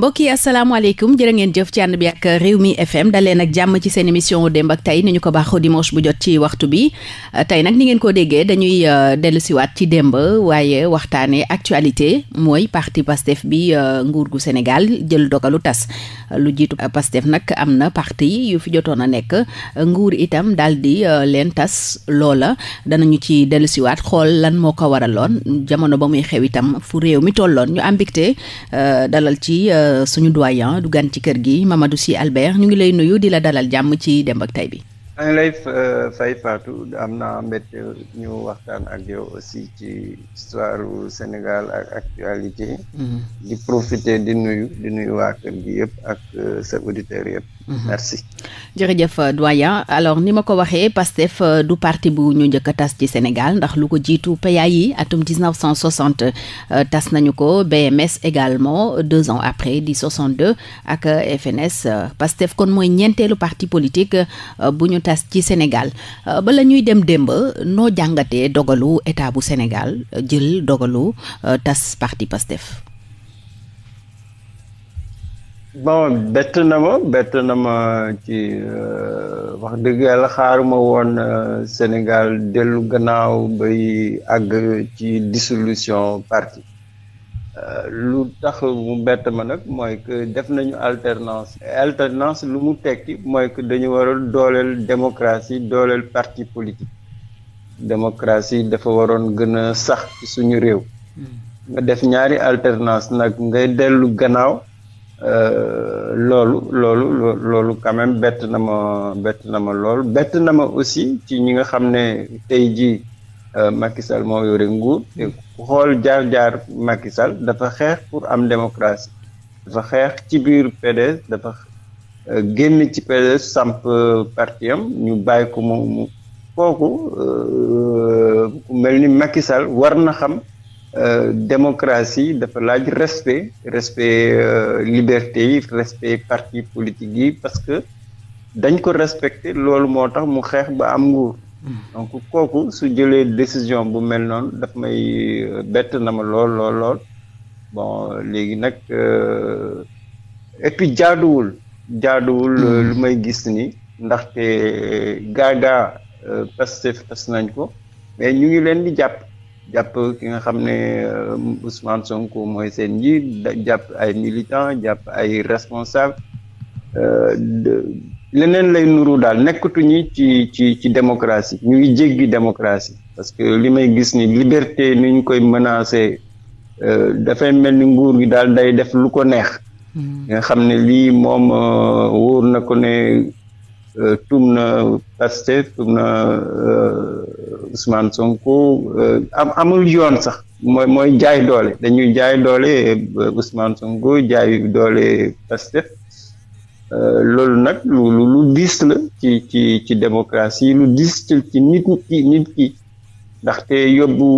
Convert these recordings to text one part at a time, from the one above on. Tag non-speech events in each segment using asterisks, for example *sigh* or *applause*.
mbokk yi asalaamaaleykum jërë ngeen jëf ci ànd bi ak réew mi FM daleen nag jàmm ci seen émission démb ak tey ni ñu ko baax di dimanche bu jot ci waxtu bi euh, tey nag ni ngeen ko déggee dañuy euh, dellusiwaat ci démb waaye waxtaanee actualité mooy parti pastef bi euh, nguur gu senegal jël dogalu tas lu jiitu pastef nag am na parti yu fi jotoon a nekk nguur itam daal di leen tas loola danañu ci dellusiwaat xool lan moo ko waraloon jamono ba muy xew itam fu réew mi tolloon ñu am mbégte dalal ci. Euh, suñu doyan du gan ci kër gi Mamadou Sy Albert ñu ngi lay nuyu di la dalal jàmm ci Demb ak Tay bi. maa euh, am na mbégte ñu waxtaan ak yow aussi ci histoire du Sénégal ak actualité. Mm-hmm. di profiter di nuyu di nuyu waa kër gi yëpp ak euh, sa auditeurs yëpp. Mhm. merci. jërëjëf euh, doyen alors ni ma ko waxee PASTEF euh, du parti bu ñu njëkk tas ci Sénégal ndax lu ko jiitu yi atum 1960 euh, tas nañu ko BMS également deux ans après di 62 ak FNS PASTEF kon mooy ñeenteelu parti politique bu ñu tas ci Sénégal bala ñuy dem démb noo jàngatee dogalu état bu Sénégal jël dogalu tas parti PASTEF. bon bett na ma bett na ma ci euh, wax dëgg yàlla xaaruma woon euh, Sénégal dellu gannaaw bay àgg ci dissolution parti euh, lu tax mu bett ma nag mooy que def nañu alternance alternance lu mu tekki mooy que dañu waral dooleel démocratie dooleel parti politique démocratie dafa waroon gën a sax ci suñu réew hmm. nga def ñaari alternance nag ngay dellu gannaaw Euh, loolu loolu loolu quand bett na ma bett na ma lool bett na ma aussi ci ñi nga xam ne tey ji euh, Macky Sall moo yore nguur te xool jaar-jaar makisal dafa xeex pour am démocratie dafa xeex ci biir PDS dafa euh, génn ci PDS samp parti am ñu bàyyi ko mu kooku ku mel ni makisal war na xam Euh, démocratie dafa laaj respect respect euh, liberté yi respect parti politique yi parce que dañ ko respecté loolu moo tax mu xeex ba am nguur donc kooku su jëlee décision bu mel noonu dafa may euh, bett na ma lool lool lool bon léegi nag et puis jaaduwul jaaduwul lu may gis ni ndaxte gaagaa Pastef tas nañ ko mais ñu ngi leen di jàpp jàpp ki nga xam ne euh, Ousmane Sonko mooy seen njiit jàpp ay militant jàpp ay responsables euh, leneen lay nuru daal nekkatuñu ci ci ci démocratie ñu ngi jéggi démocratie parce que li may gis ni liberté ni ñu koy menacer euh, dafay mel ni nguur gi daal day def lu ko neex. Hmm. nga xam ne lii moom wóor na ko ne. tuum na Pastef tuum na eh, Ousmane Sonko eh, am amul yoon sax mooy mooy jaay doole dañuy jaay doole eh, Ousmane Sonko jaay doole Pastef loolu nag lu lu diis la ci ci ci démocratie lu diis ci ci nit ki nit ki ndaxte yóbbu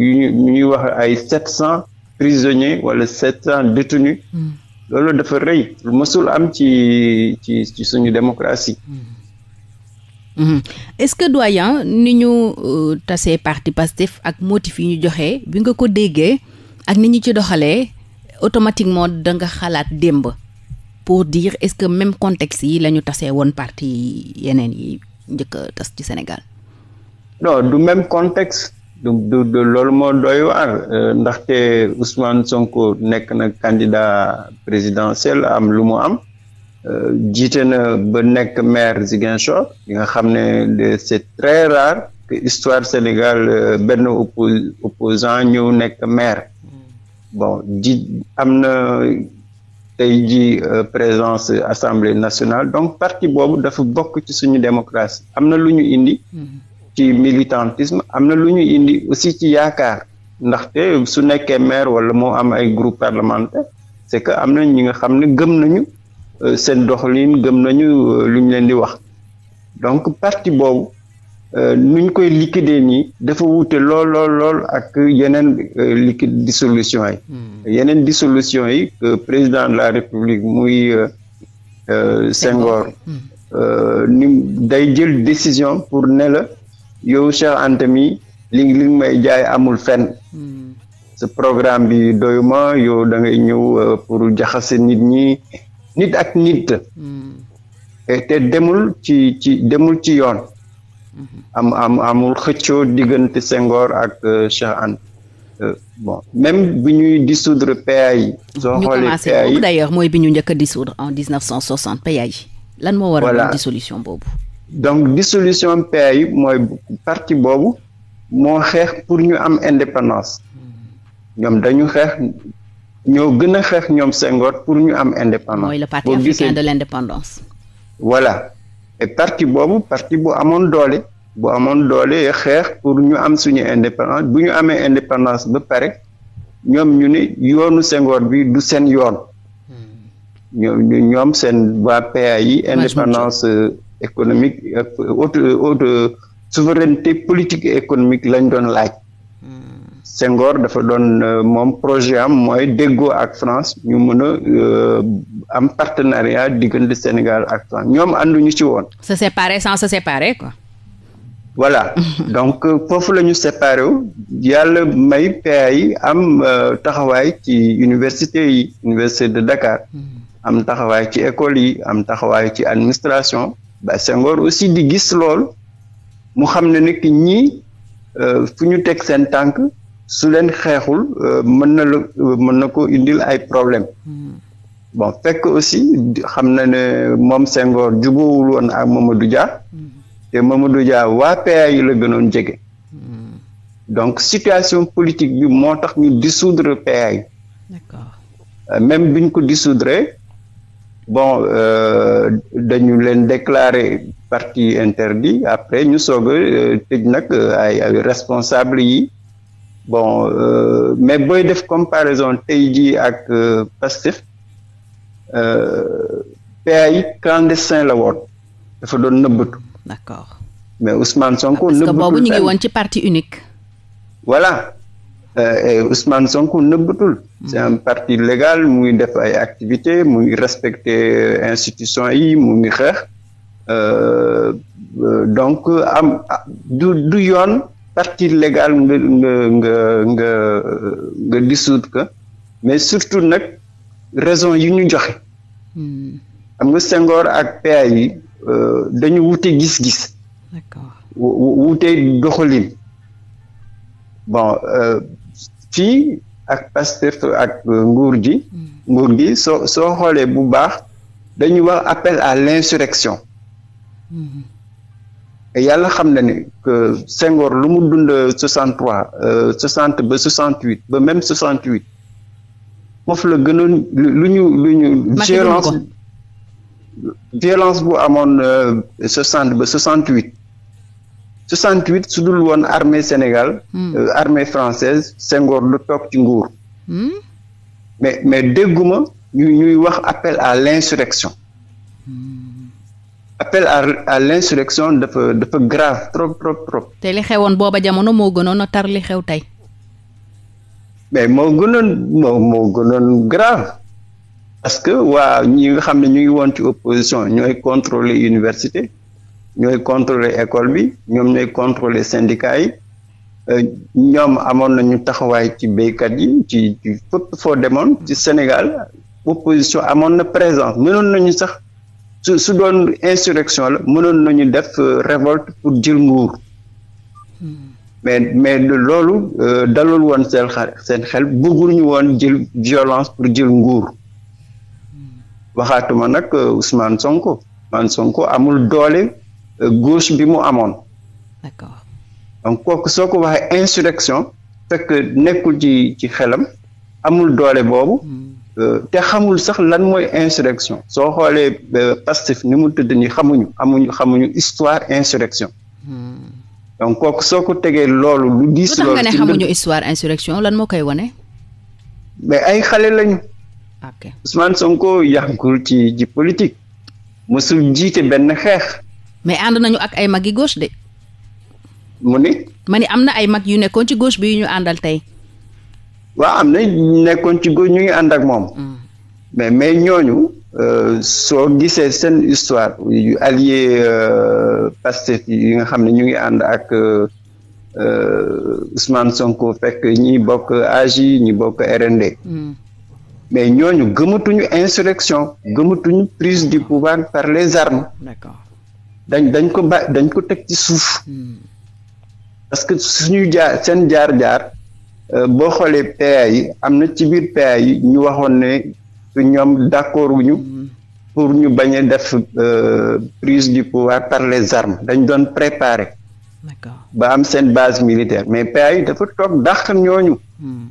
yu ñuy wax ay sept cent prisonniers wala sept cent détenus. Hmm. loolu dafa rëy lu mësul am ci ci suñu démocratie Mmh. Est-ce que doyen ni ñu euh, tasee parti Pastef ak motif yi ñu joxe bi nga ko déggee ak ni ñu ci doxalee automatiquement da nga xalaat démb pour dire est-ce que même contexte yi lañu ñu tasee woon parti yeneen yi njëkk tas ci Sénégal. du même contexte donc loolu moo doy waar euh, ndaxte Ousmane Sonko nekk na candidat présidentiel am lu mu am euh, jiite na ba nekk maire Ziguinchor yi nga xam ne c'est très rare que histoire Sénégal euh, benn oppo opposant ñëw nekk maire bon ji am na tey ji présence assemblée nationale donc partie boobu dafa bokk ci suñu démocratie am na lu ñu indi. Mm-hmm. ci militantisme am na lu ñu indi aussi ci yaakaar ndaxte su nekkee maire wala moo am ay groupe parlementaire c'est que am na ñi nga xam ne gëm nañu euh, seen doxalin gëm nañu euh, lu ñu leen di wax donc parti boobu euh, nuñ koy liquider nii dafa wuute lool lool ak yeneen liquide dissolution yi hmm. yeneen dissolution yi que président de la république muy Senghor hmm. ni day jël décision pour ne la yow Cheikh Anta mi li li nga may jaay amul fen hmm. sa programme bi doyuma yow da ngay ñëw euh, pour jaxase nit ñi nit ak nit hmm. e, te demul ci ci demul ci yoon hmm. am am amul xëccoo diggante sengoor ak euh, Cheikh Anta euh, bon même bi ñuy dissoudre PA yi soo xoolee PA yi d'ailleurs mooy bi ñu njëkk a dissoudre en 1960 PA yi lan moo waral dissolution boobu donc dissolution PA yi mooy parti boobu moo xeex pour ñu am indépendance ñoom dañu xeex ñoo gën a xeex ñoom Senghor pour ñu am indépendance. mooy le parti africain voilà et parti boobu parti bu amoon doole bu amoon doole xeex pour ñu am suñu indépendance bu ñu amee indépendance ba pare ñoom ñu ne yoonu Senghor bi du seen yoon. Hmm. ñoom seen waa PA yi indépendance. Euh, économique ak autre autre souveraineté politique économique lañ doon laaj. Senghor dafa doon euh, moom projet am mooy déggoo ak France ñu mën a euh, am partenariat diggante Sénégal ak France ñoom ñu ci woon. se séparer sans se ko quoi. voilà *laughs* donc euh, foofu la ñu séparé wu yàlla may PA yi am taxawaay ci université yi université de Dakar hmm. am taxawaay ci école yi am taxawaay ci administration ba Senghor aussi di gis lool mu xam ne nekk ñii euh, fu ñu teg seen tànk su leen xeexul euh, mën na la euh, mën na ko indil ay problème mm. bon fekk aussi xam na ne moom Senghor jubóowul woon ak Mamadou Dia mm. te Mamadou Dia waa PA yi la gënoon jege mm. donc situation politique bi moo tax ñu dissoudre PA yi même bi ñu ko dissoudre bon euh, dañu leen déclarer parti interdit après ñu soog a euh, tëj nag euh, ay responsable yi bon mais booy def comparaison tey jii ak Pastef PAI clandestin la woon dafa doon nëbbatu. d'accord mais Ousmane Sonko. Ah, nëbbatu ñu ngi woon ci parti unique. voilà Euh, Ousmane Sonko nëbbatul. Mm. c'est un parti légal muy def ay activités muy respecter institution yi mu ngi xeex euh, euh, donc am du du yoon parti légal nga nga nga nga dissoudre que mais surtout nag raison yi ñu joxe. Mm. am nga Senghor ak PA yi dañu wute gis-gis. d'accord wute doxalin bon. fii ak Pastef ak nguur ji mm. nguur gi soo xoolee bu baax dañuy wax appel à l'insurrection mm-hmm. yàlla xam na ni que lu mu dund soixante trois euh, soixante ba soixante huit ba même soixante huit foofu la gënoon lu ñu lu ñu violence bu amoon euh, soixante ba soixante huit 68 su dul woon armée Sénégal. Hmm. Euh, armée française Senghor lu toog ci nguur. Hmm. mais mais dégguma ñu ñuy wax appel à l'insurrection hmm. appel à à l'insurrection dafa dafa grave trop trop trop. te li xewoon booba jamono moo gënoon a tar li xew tey. mais moo gënoon moo moo gënoon grave parce que waa ñi nga xam ne ñu ngi woon ci opposition ñooy contrôler université. ñooy contrôler école bi ñoom ñooy contrôler syndicat yi euh, ñoom amoon nañu taxawaay ci béykat yi ci ci foo demoon ci Sénégal opposition amoon na présence mënoon nañu sax su su doon insurrection la mënoon nañu def euh, révolte pour jël nguur mais mais loolu euh, dalul woon seen xel seen xel bëggul ñu woon jël violence pour jël nguur waxaatuma nag Ousmane Sonko Ousmane Sonko amul doole. gauche bi mu amoon. d'accord donc kooku soo ko waxee insurrection fekk nekkul ci ci xelam amul doole boobu. Hmm. Euh, te xamul sax lan mooy insurrection soo xoolee euh, Pastef ni mu tëdd ni xamuñu amuñu xamuñu histoire insurrection hmm. donc kook soo ko tegee loolu lu diis loolu ne xamuñu histoire insurrection lan moo koy wane mais ay xale lañu ok Ousmane Sonko yàggul ci ci politique mosul jiite benn xeex mais ànd nañu ak ay mag yi gauche de. mu ni. ma ni am na ay mag yu nekkoon ci gauche bi ñu àndal tey. waaw am na ñu nekkoon ci gauche ñu ngi ànd ak moom. Mm. mais mais ñooñu. Euh, soo gisee seen histoire yu allié euh, Pastef yi nga xam ne ñu ngi ànd ak euh, euh Ousmane Sonko fekk ñi bokk AJ ñi bokk RND. Mm. mais ñooñu gëmatuñu insurrection gëmatuñu prise du pouvoir par les armes. D'accord. dañ dañ ko ba dañ ko teg ci suuf parce que suñu jaar seen jaar-jaar euh, boo xoolee PA yi am na ci biir PA yi ñu waxoon ne ñoom d'accord wuñu pour ñu bañ a def euh, prise du pouvoir par les armes dañ doon préparer ba am seen base militaire mais PA yi dafa toog dàq ñooñu hmm.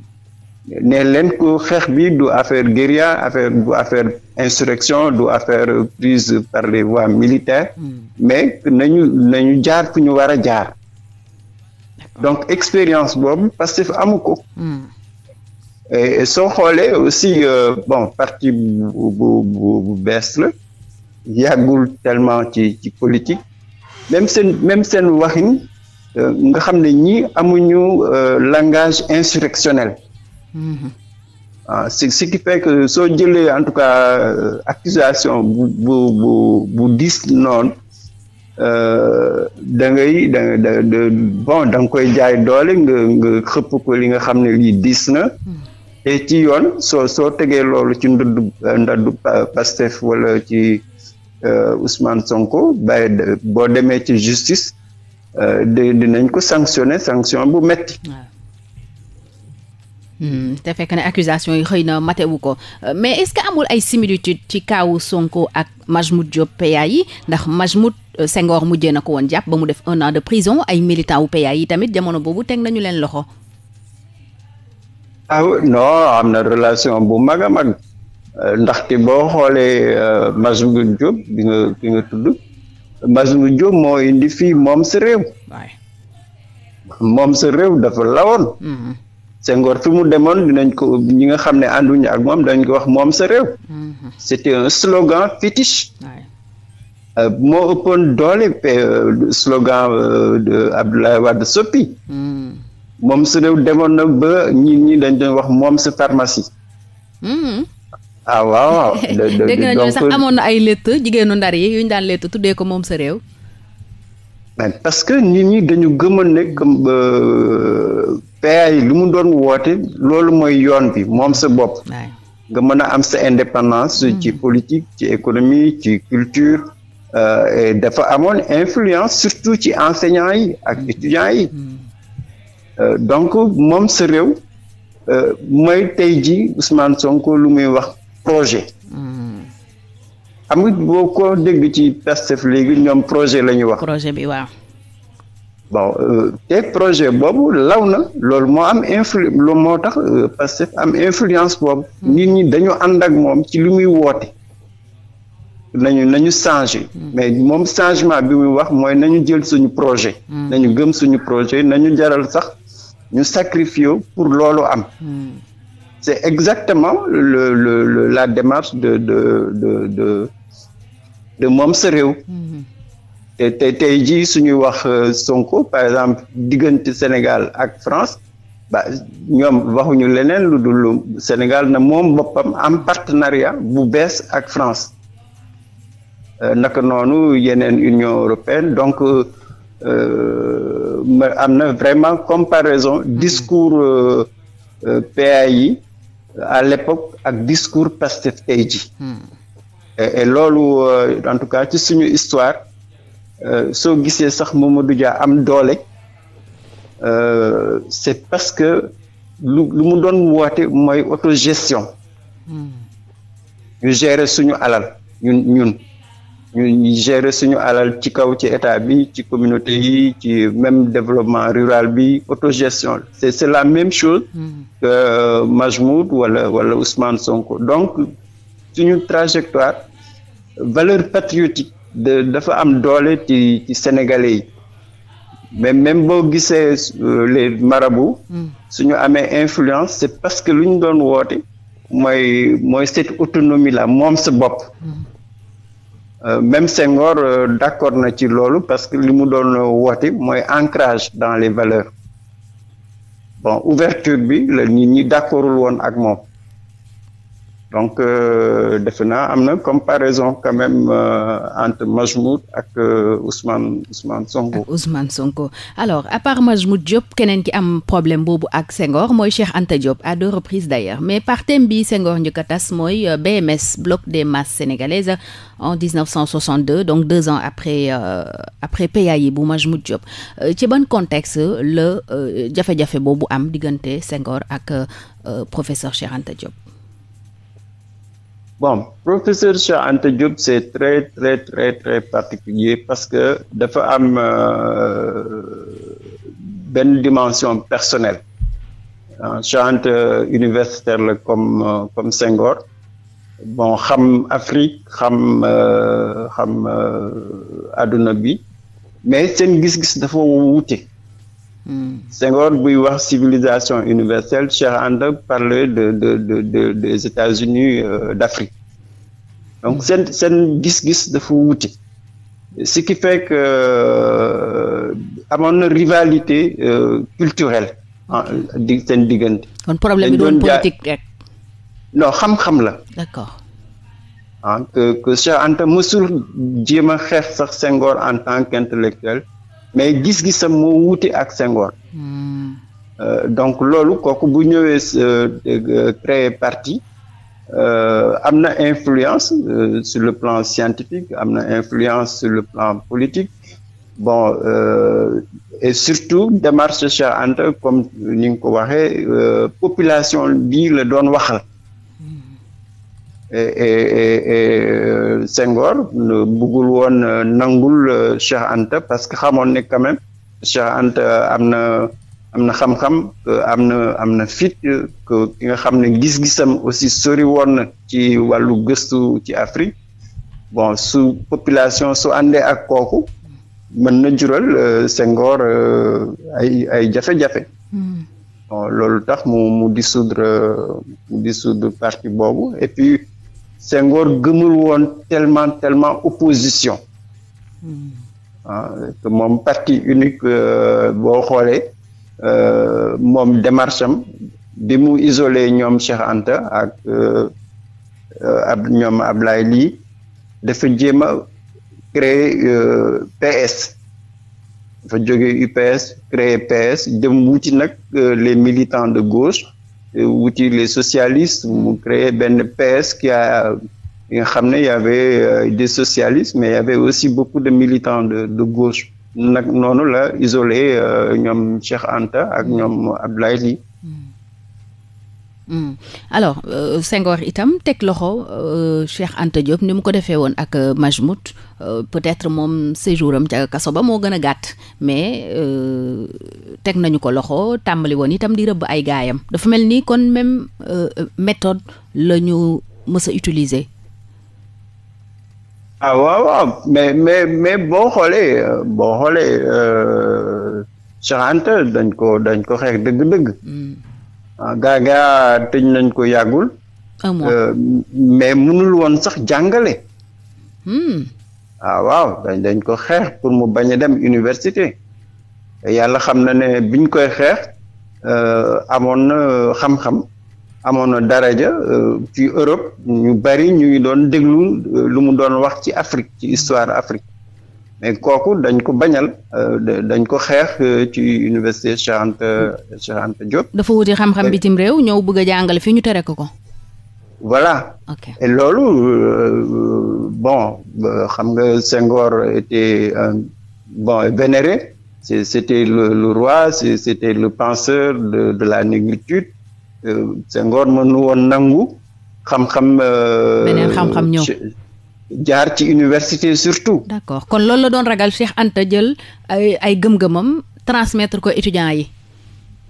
ne leen ko xeex bi du affaire guérilla affaire du affaire insurrection du affaire prise par les voies militaires hmm. mais nañu nañu jaar fu ñu war a jaar donc expérience boobu Pastef amu ko hmm. et soo xoolee aussi euh, bon parti bu bu bu bees la yàggul tellement ci ci politique même seen même seen waxin euh, nga xam ne ñii amuñu euh, langage insurrectionnel Mm-hmm. ah ce ce soo jëlee en tout cas euh, accusation bu bu bu bu dis noonu euh, da ngay da da nga koy jaay doole nga nga xëpp ko li nga xam ne lii diis na. Mm-hmm. te ci yoon soo soo tegee loolu ci ndëdd ndaddu Pastef wala ci euh, Ousmane Sonko bàyyi boo demee ci justice dinañ ko sanctionner sanction bu metti Hmm, te fekk ne accusation yi xëy na matewu ko euh, mais est-ce que amul ay similitude ci kaawu Sonko ak Majmout Diop PA yi ndax Majmout euh, Senghor mujjee na ko woon jàpp ba mu def un an de prison ay militant wu PA yi tamit jamono boobu teg nañu leen loxo. ah non am na relation bu mag a mag euh, ndaxte boo xoolee Majmout Diop bi nga bi tudd Majmout Diop moo indi fii moom sa réew. moom sa réew dafa lawoon. Hmm. Senghor fi mu demoon dinañ ko ñi nga xam ne ànduñu ak moom dañ ko wax moom sa réew. Mm-hmm. c'était un slogan fétiche. Euh, moo ëppoon doole euh, slogan euh, de Abdoulaye Wade soppi. Mm. moom sa réew demoon na ba ñi ñii dañ doon wax moom sa pharmacie. Mm-hmm. Ah, waaw waaw. *laughs* dégg nañu sax amoon na ay létt jigéenu ndar yi yu ñu daan létt tuddee ko moom sa réew. parce que nii ñi dañu gëmoon ne comme euh, PA yi lu mu doon woote loolu mooy yoon bi moom sa bopp. nga mën a am sa indépendance. Hmm. ci politique ci économie ci culture. Euh, dafa amoon influence surtout ci enseignants yi ak étudiants yi. Hmm. Euh, donc moom sa réew. mooy tey ji Ousmane Sonko lu muy wax projet. xam nga boo ko dégg ci Pastef léegi ñoom projet la ñu wax. projet bi waaw. bon euh, te projet boobu law na loolu moo am influ moo tax euh, Pastef am influence boobu. Hmm. nit ñi dañu ànd ak moom ci li muy woote. nañu nañu changé. Hmm. mais moom changement bi muy wax mooy nañu jël suñu projet. Hmm. nañu gëm suñu projet nañu jaral sax ñu sacrifié pour loolu am. C'est exactement la démarche de, de, moom sa réew. te tey jii suñuy wax euh, Sonko par exemple diggante Sénégal ak France ba ñoom waxuñu leneen lu dul Sénégal na moom boppam am partenariat bu bees ak France euh, naka noonu yeneen Union européenne donc euh, am na vraiment comparaison mm-hmm. discours PA yi à l'époque ak discours Pastef tey ji hmm. et loolu euh, en tout cas ci suñu histoire euh, soo gisee sax Mamadou Dia am doole euh, c'est parce que lu lu mu doon woote mooy autogestion hmm. ñu gérer suñu alal ñun ñun ñu gérer suñu alal ci kaw ci état bi ci communauté yi ci même développement rural bi autogestion gestion c'est c'est la même chose mm-hmm. que euh, Majmoud wala wala Ousmane Sonko donc suñu trajectoire valeur patriotique de dafa am doole ci ci sénégalais yi mais même boo gisee euh, les marabou mm-hmm. suñu amee influence c'est parce que lu ñu doon woote mooy mooy cette autonomie la moom sa bopp mm-hmm. Euh, même Senghor euh, d'accord na ci loolu parce que li mu doon euh, woote mooy ancrage dans les valeurs bon ouverture bi la nit ñi d'accordul woon ak moom donc euh, defe naa am na comparaison quand même euh, entre Majmout ak euh, Ousmane Ousmane Sonko. ak alors à part Majmout Diop keneen ki am problème boobu ak sengor mooy Cheikh ante Diop à deux reprises d'ailleurs mais par bi Senghor njëkk a tas mooy BMS bloc des masses sénégalaises en 1962 donc deux ans après euh, après PAI bu Majmout Diop ci ban contexte la jafe-jafe boobu am diggante sengor ak professeur Cheikh ante Diop. bon professeur Cheikh Anta Diop c'est très très très très particulier parce que dafa am euh, benn dimension personnelle Cheikh Anta universitaire la comme euh, comme Senghor bon xam Afrique xam euh, xam àdduna bi mais seen gis-gis dafa wuute Senghor buy wax civilisation universelle Cheikh Anta parlait de de de de des États-Unis euh, d'Afrique donc sen seen gis-gis dafa wuute ce qui fait que euh, amoon na rivalité euh, culturelle di sen diggante. kon problème doon politique rek. non xam-xam la. d'accord. ah que que Cheikh Anta mësul jéem a xeex sax Senghor en tant qu'intellectuel mais gis-gisam moo wuute ak Senghor hmm. euh, donc loolu kooku bu ñëwee euh, créer parti euh, am na influence sur le plan scientifique am na influence sur le plan politique bon et surtout démarche Cheikh Anta comme ni nga ko waxee population bi la doon waxal E, e, e, Senghor buggul woon euh, nangul euh, Cheikh Anta parce que xamoon ne quand même Cheikh Anta am na am na xam-xam euh, am na am na fit que ki nga xam ne gis-gisam aussi sori woon na ci wàllu gëstu ci Afrique bon su population su àndee ak kooku mën na jural Senghor ay ay jafe-jafe hmm. bon tax mu dissoudre parti boobu et puis Senghor gëmul woon tellement tellement opposition hmm. ah moom parti unique euh, boo xoolee euh, moom démarche am bi mu isolé ñoom Cheikh Anta ak euh, ab ñoom Ablaye lii dafa jéem a créer PS dafa jóge UPS créer PS dem wuti nag les militants de gauche wuti les socialistes mu créé benn PS qui a nga xam ne y avait euh, des socialistes mais y avait aussi beaucoup de militants de de gauche nag noonu la isolé euh, ñoom Cheikh Anta ak ñoom Abdoulaye Ly Mm. alors euh, Senghor itam teg loxo euh, Cheikh Anta Diop ni mu ko defee woon ak euh, Majmout peut-être moom séjour am ca kaso ba moo gën a gàtt mais teg nañu ko loxo tàmbali woon itam di rëbb ay gaayam dafa mel ni kon même méthode la ñu mës a utiliser. ah waaw waaw mais mais boo xoolee boo xoolee Cheikh Anta dañ ko dañ ko xeex dëgg-dëgg. Mm. Ah, gaa gaa tëj nañ ko yàggul. Euh, mais mënul woon sax jàngale. Hmm. ah waaw dañ dañ ko xeex pour mu bañ a dem université yàlla xam na ne biñ koy xeex euh, amoon na xam-xam amoon na daraja euh, ci Europe ñu bari ñu ngi doon déglu lu mu doon wax ci Afrique ci histoire Afrique. mais kooku dañ ko bañal euh, dañ ko xeex euh, ci université Cheikh Anta Cheikh Anta Diop. dafa wuti xam-xam bitim réew ñëw bëgg a jàngale fi ñu tere ko ko. voilà. loolu euh, bon xam nga Senghor était bon vénéré c' c'était le, le roi c' c'était le penseur de de la négritude euh, Senghor mënu woon nangu xam-xam. beneen xam-xam ñëw. jaar ci université surtout. d'accord kon loolu la doon ragal Cheikh Anta jël ay ay gëm-gëmam transmettre ko étudiants yi.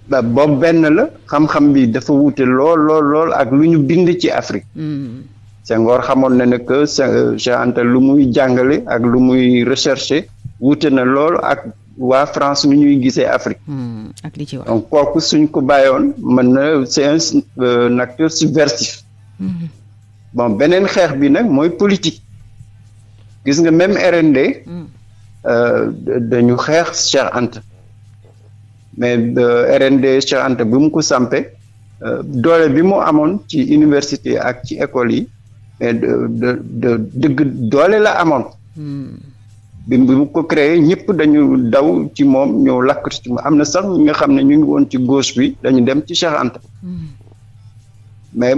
ba benn la xam-xam bi dafa wuute lool lool ak lu ñu bind ci Afrique. Hmm. Senghor xamoon na ne que euh, Cheikh Anta lu muy jàngale ak lu muy recherché wuute na lool ak. waa France nu ñuy gisee Afrique. Hmm. ak li ci kooku suñ ko bàyyoon mën na c'est un euh, acteur subversif. Hmm. bon beneen xeex bi nag mooy politique. gis nga même RND. Mm. Euh, dañu xeex Cheikh Anta mais euh, RND Cheikh Anta bi mu ko sampe euh, doole bi mu amoon ci université ak ci école yi mais de dëgg doole la amoon. Mm. bi mu ko créé ñëpp dañu daw ci moom ñëw lakk ci moom am na sax ñi nga xam ne ñu ngi woon ci gauche bi dañu dem ci Cheikh Anta. Mm. mais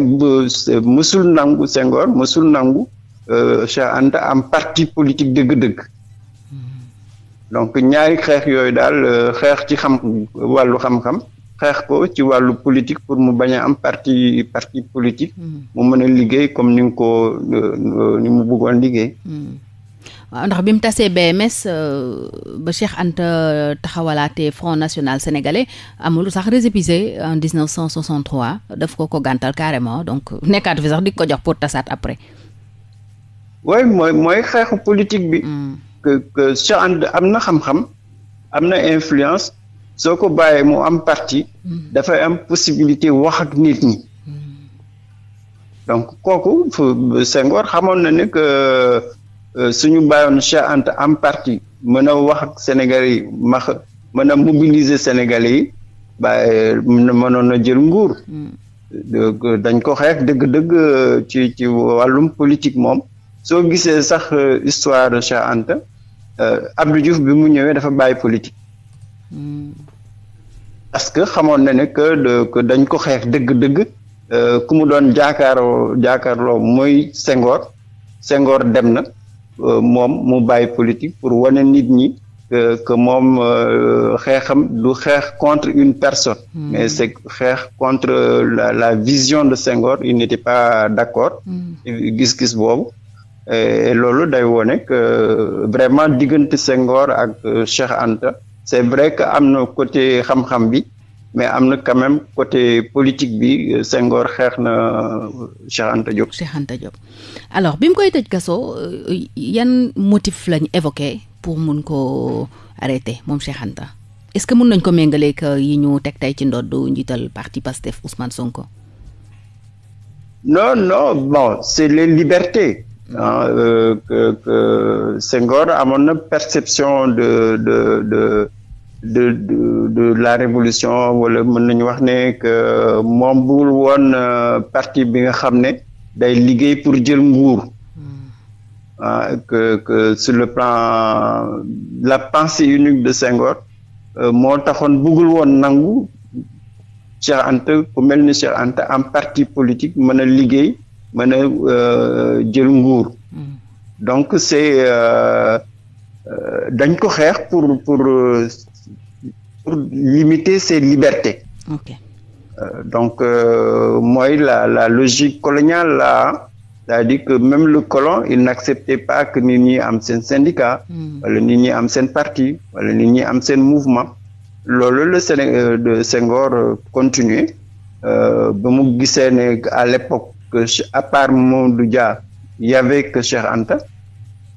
musul nangu Senghor musul nangu. Euh, Cheikh Anta am parti politique dëgg-dëgg donc ñaari xeex yooyu daal euh, xeex ci xam wàllu xam-xam xeex ko ci wàllu politique pour mu bañ a am parti parti politique mu mën a liggéey comme ni nga ko euh, ni mu buggoon liggéey waaw ndax bi mu tasee BMS ba Cheikh Anta taxawalaatee Front National Sénégalais amul sax récépissé en 1963 daf ko ko gàntal carrément donc nekkaat fi sax di ko jox pour tasaat après waaye mooy mooy xeexu politique bi. Mm. que que am na xam-xam am na influence soo ko bàyyee mu am parti. Mm. dafay am possibilité wax ak nit ñi. Mm. donc kooku Senghor xamoon na ne que euh, euh, suñu bàyyoon Cheikh Anta am parti mën a wax ak sénégal yi max mën a mobiliser sénégal yi ba euh, mënoon a jël nguur. dañ ko xeex dëgg-dëgg ci ci wàllum politique moom. soo gisee sax euh, histoire de Cheikh Anta euh, Abdou bi mu ñëwee dafa bàyyi politique hmm. parce que xamoon na ne que dañ ko xeex dëgg-dëgg euh, ku mu doon jaakaaroo jaakaarloo mooy sengoor sengoor dem na moom mu bàyyi politique pour wane nit ñi que moom xeexam du xeex contre une personne hmm. mais c'est xeex contre la la vision de sengoor il n'était pas d'accord hmm. gis-gis boobu Euh, loolu day wone que euh, vraiment diggante Senghor ak euh, Cheikh Anta c'est vrai que am na côté xam-xam bi mais am na quand côté politique bi Senghor xeex na Cheikh Anta Diop. Cheikh alors bi mu koy tëj kaso yan motif lañ évoqué pour mun ko arrêté moom Cheikh est-ce que mun nañ ko méngaleeg yi ñu teg tey ci ndoddu njiital parti Pastef Ousmane Sonko. non non bon c'est les libertés. ah que amoon na perception de de de de de, la révolution wala mën nañu wax ne que moom bul woon euh, parti bi nga xam ne day liggéey pour jël nguur. Hmm. ah que sur le plan la pensée unique de Senghor euh, moo taxoon bëggul woon nangu Cheikh Anta ku mel ni Cheikh Anta am parti politique mën a liggéey. mën a euh, jël nguur hmm. donc c'est euh, euh, dañ ko xeex pour pour pour limiter ses libertés donc mooy la la logique coloniale la c'est-à-dire que même le colon il n'acceptait pas que nit ñi am seen syndicat hmm. wala nit ñi am seen parti wala nit ñi am seen mouvement loolu le Sénégal continuer ba mu gisee ne à l'époque que à part Mamadou Dia, il y avait Anta.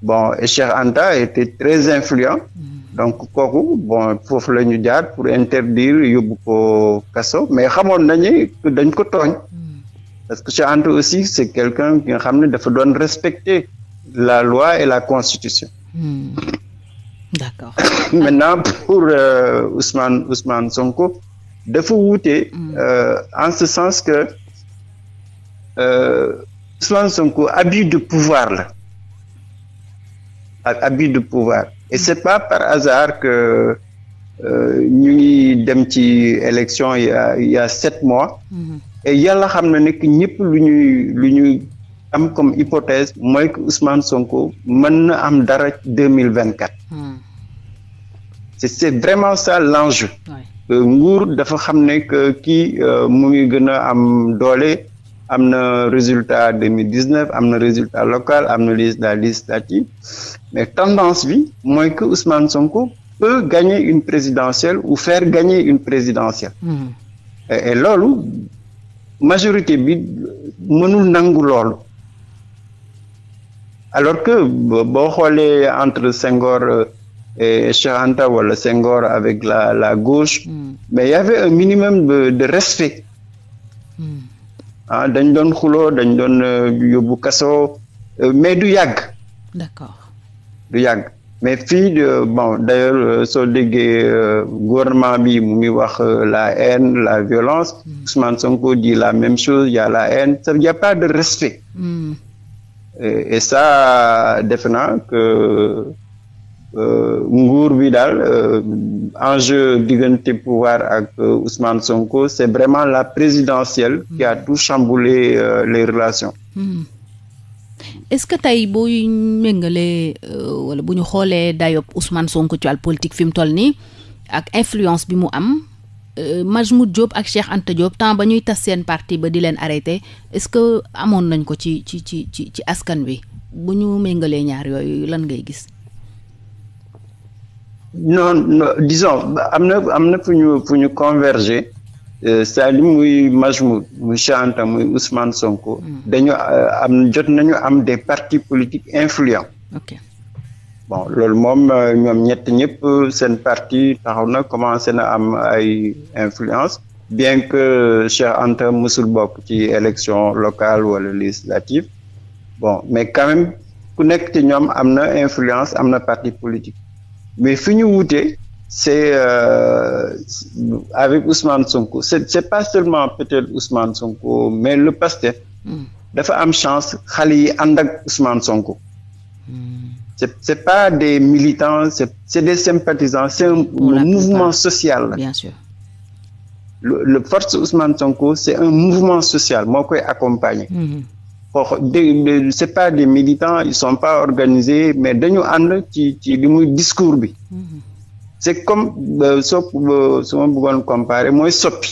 Bon, e Cheikh Anta était très influent. Mm. donc kooku bon foofu la ñu jaar pour interdire yóbbu ko kaso mais xamoon nañu dañ ko tooñ. Mm. parce que Cheikh Anta aussi c' est quelqu'un qui nga xam ne dafa doon respecter la loi et la constitution. Mm. d' *coughs* pour euh, Ousmane Ousmane Sonko dafa wuute. Mm. Euh, en ce sens que. Euh, Ousmane Sonko abus de pouvoir la ak abus de pouvoir et c'est pas par hasard que euh, ñu ngi dem ci élection il y mois. Mhm. et yàlla xam na ne que ñëpp lu ñuy lu ñuy am comme hypothèse mooy que Ousmane Sonko mën na am dara deux mille vingt quatre. Hmm. c'est c'est vraiment ça l'enjeu. Euh, nguur dafa xam ne que kii mu ngi gën a am doole. am na résultat deux mille dix am na résultat local am na résultat législative mais tendance bi mooy que Ousmane Sonko peut gagner une présidentielle ou faire gagner une présidentielle. Mmh. et, et majorité bi mënul nangu loolu. alors que boo xoolee entre Senghor euh, et Cheikh Anta wala Senghor avec la la gauche. Mm. mais il y avait un minimum de, respect. Hmm. Ah, dañ doon xuloo dañ doon euh, yóbbu kaso euh, mais du yàgg. d'accord du yàgg mais fii bon d'ailleurs euh, soo déggee gouvernement bi mu ngi wax la haine la violence. Hmm. Ousmane Sonko dit la même chose y la haine ça y pas de respect. Mm. Et, et que. Euh, nguur bi daal euh, enjeu diggante pouvoir ak euh, usman Sonko c'est vraiment la présidentielle qui a mm-hmm. tout chamboulé les relations mm-hmm. est-ce que tey buy méngalee wala bu ñu xoolee dayob Ousmane Sonko ci wàll politique fi mu toll nii ak influence bi mu am Majmout Diop ak Cheikh Anta Diop temps ba ñuy tas seen partie ba di leen arrêté est-ce que amoon nañ ko ci ci ci ci ci askan wi bu ñu méngalee ñaar yooyu lan ngay gis non non disons am na am na fu ñu converger euh, c'est-à-dire muy Majmout muy Chanta muy Ousmane Sonko. Hmm. dañu euh, am jot nañu am des partis politiques influents. bon loolu moom euh, ñoom ñett ñëpp seen parti taxaw na commencé na am ay influence bien que Cheikh Anta musul bokk ci élection locale wala législative bon mais quand même ku nekk ci ñoom am na influence am na parti politique. mais fi ñu wutee c'est euh, avec Ousmane Sonko c'est c'est pas seulement peut-être Ousmane Sonko mais le Pastef mm. dafa am chance xale yi ànd ak Ousmane Sonko mm. c'est c'est pas des militants c'est c'est des sympathisants c'est un le mouvement social la bien sûr le, le force Ousmane Sonko c'est un mouvement social moo koy accompagner mm. c'est pas des militants ils sont pas organisés mais dañu ànd ci ci li muy discours bi mm-hmm. c'est comme euh, soo euh, su ma bëggoon comparer mooy soppi